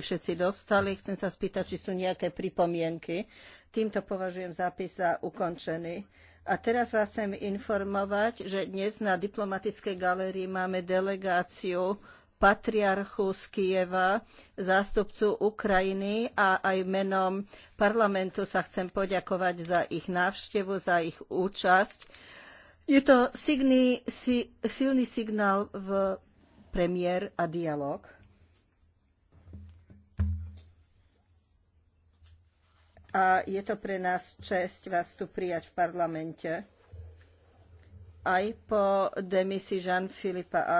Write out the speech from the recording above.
všetci dostali. Chcem sa spýtať, či sú nejaké pripomienky. Týmto považujem zápis za ukončený. A teraz vás chcem informovať, že dnes na diplomatickej galérii máme delegáciu patriarchu z Kieva, zástupcu Ukrajiny a aj menom parlamentu sa chcem poďakovať za ich návštevu, za ich účasť. Je to silný signál v premiér a dialog. a je to pre nás čest vás tu prijať v parlamente. Aj po demisii Jean-Philippe